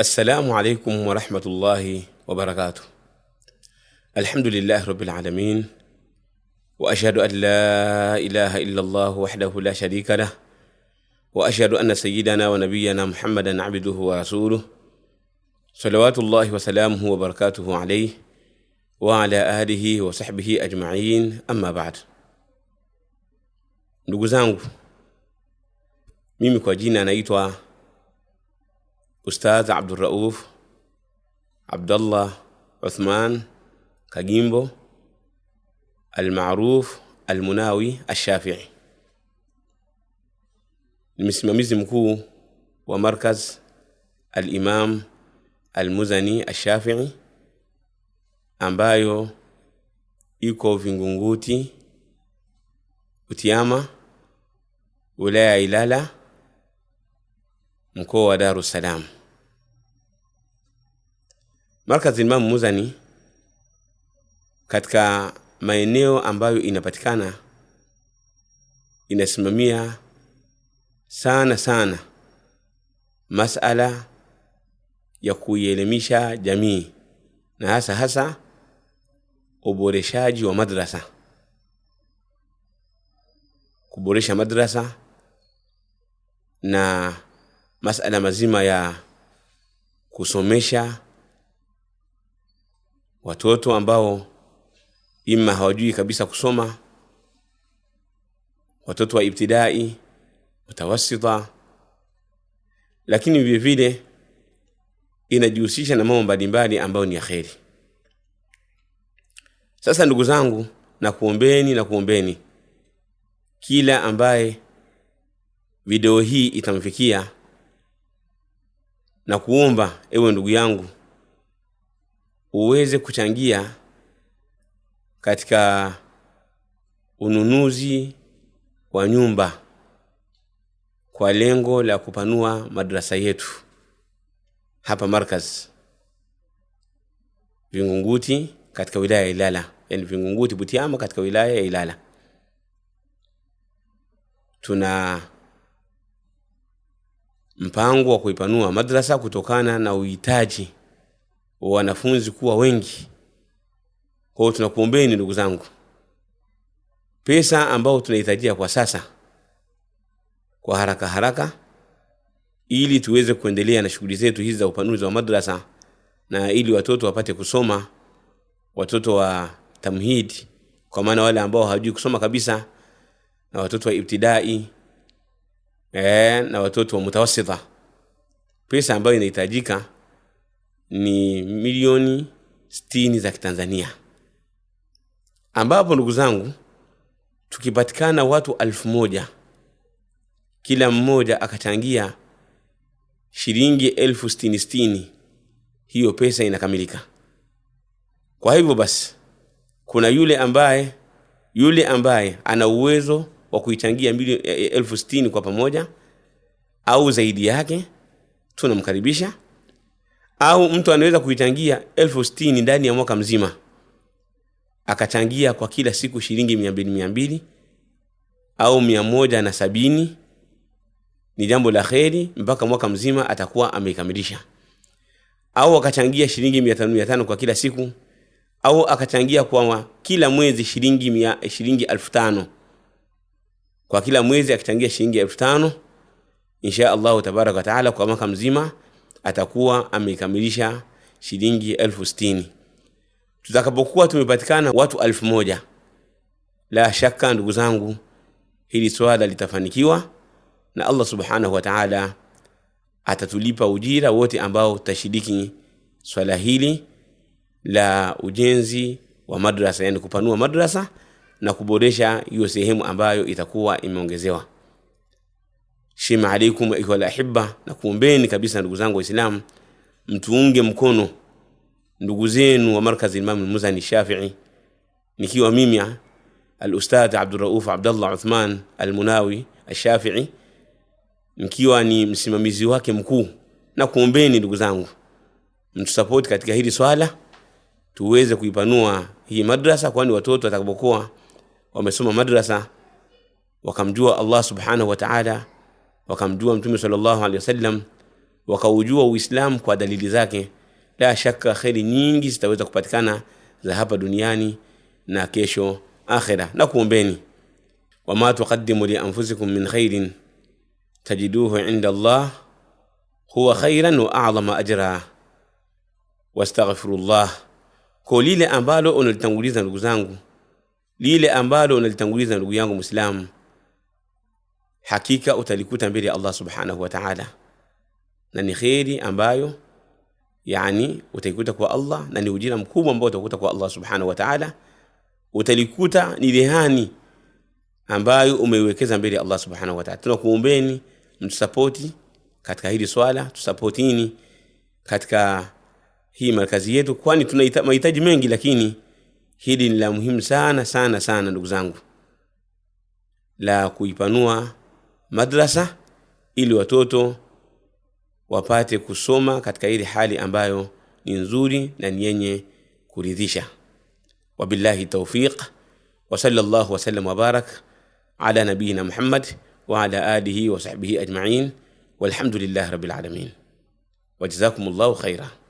السلام عليكم ورحمة الله وبركاته الحمد لله رب العالمين وأشهد أن لا إله إلا الله وحده لا شريك له وأشهد أن سيدنا ونبينا محمدا عبده ورسوله صلوات الله وسلامه وبركاته عليه وعلى آله وصحبه أجمعين أما بعد نقول zangu mimi kwa jina Ustadh Abdurrauf Abdullah Uthman Kagimbo Almaruf Almunawi Alshafii ni msimamizi mkuu wa Markaz Alimam Almuzani Alshafii ambayo iko Vingunguti, Utiama, wilaya ya Ilala, mkoa wa Dar es Salaam. Markazi Imam Muzani katika maeneo ambayo inapatikana inasimamia sana sana masala ya kuielimisha jamii na hasa hasa uboreshaji wa madrasa, kuboresha madrasa na masala mazima ya kusomesha watoto ambao ima hawajui kabisa kusoma, watoto wa ibtidai, mutawasita, lakini vile vile inajihusisha na mambo mbalimbali ambayo ni ya kheri. Sasa ndugu zangu, na kuombeni na kuombeni kila ambaye video hii itamfikia na kuomba, ewe ndugu yangu uweze kuchangia katika ununuzi wa nyumba kwa lengo la kupanua madrasa yetu hapa Markaz Vingunguti katika wilaya ya Ilala, yani Vingunguti Butiama katika wilaya ya Ilala. Tuna mpango wa kuipanua madrasa kutokana na uhitaji wanafunzi kuwa wengi. Kwa hiyo tunakuombeni ndugu zangu, pesa ambayo tunahitajia kwa sasa kwa haraka haraka, ili tuweze kuendelea na shughuli zetu hizi za upanuzi wa madrasa na ili watoto wapate kusoma, watoto wa tamhidi, kwa maana wale ambao hawajui kusoma kabisa, na watoto wa ibtidai e, na watoto wa mutawasita. Pesa ambayo inahitajika ni milioni sitini za Kitanzania, ambapo ndugu zangu, tukipatikana watu alfu moja kila mmoja akachangia shilingi elfu sitini sitini, hiyo pesa inakamilika. Kwa hivyo basi, kuna yule ambaye yule ambaye ana uwezo wa kuichangia eh, eh, elfu sitini kwa pamoja au zaidi yake, tunamkaribisha au mtu anaweza kuichangia elfu sitini ndani ya mwaka mzima akachangia kwa kila siku shilingi mia mbili mia mbili au mia moja na sabini ni jambo la kheri mpaka mwaka mzima atakuwa ameikamilisha au akachangia shilingi mia tano mia tano kwa kila siku au akachangia kwa kila mwezi shilingi mia, shilingi elfu tano kwa kila mwezi akichangia shilingi elfu tano insha allahu tabaraka wataala kwa mwaka mzima atakuwa amekamilisha shilingi elfu sitini. Tutakapokuwa tumepatikana watu elfu moja, la shaka ndugu zangu, hili swala litafanikiwa na Allah subhanahu wa ta'ala atatulipa ujira wote ambao tutashiriki swala hili la ujenzi wa madrasa, yani kupanua madrasa na kuboresha hiyo sehemu ambayo itakuwa imeongezewa shema alaikum ayyuhal ahibba, na kuombeni kabisa ndugu zangu waislam mtuunge mkono ndugu zenu wa markazi Imam al-Muzani Shafi'i, nikiwa mimi alustad abdurauf abdallah Uthman almunawi ashafii nkiwa nikiwa ni msimamizi wake mkuu, na kuombeni ndugu zangu mtusapoti katika hili swala tuweze kuipanua hii madrasa, kwani watoto watakapokuwa wamesoma madrasa wakamjua Allah subhanahu wataala wakamjua mtume sallallahu alaihi wasallam wakaujua uislamu kwa dalili zake la shaka kheri nyingi zitaweza kupatikana za hapa duniani na kesho akhira na kuombeni wama tuqadimu lianfusikum min khairin tajiduhu inda allah huwa khairan wa adhama ajra wastaghfirullah ko lile ambalo unalitanguliza ndugu zangu lile ambalo unalitanguliza ndugu yangu mwislamu hakika utalikuta mbele ya Allah subhanahu wa ta'ala, na ni kheri ambayo yani utaikuta kwa Allah na ni ujira mkubwa ambao utakuta kwa Allah subhanahu wa ta'ala. Utalikuta ni rehani ambayo umeiwekeza mbele ya Allah subhanahu wa ta'ala. Tunakuombeni mtusapoti katika hili swala, tusapotini katika hii markazi yetu, kwani tuna mahitaji mengi, lakini hili ni la muhimu sana sana sana, ndugu zangu, la kuipanua madrasa ili watoto wapate kusoma katika ile hali ambayo ni nzuri na ni yenye kuridhisha wabillahi taufiq wasala llahu wasalam wabarak ala nabiyina muhammad waala alihi wasahbihi ajmain walhamdulillahi rabilalamin wajazakum llahu khaira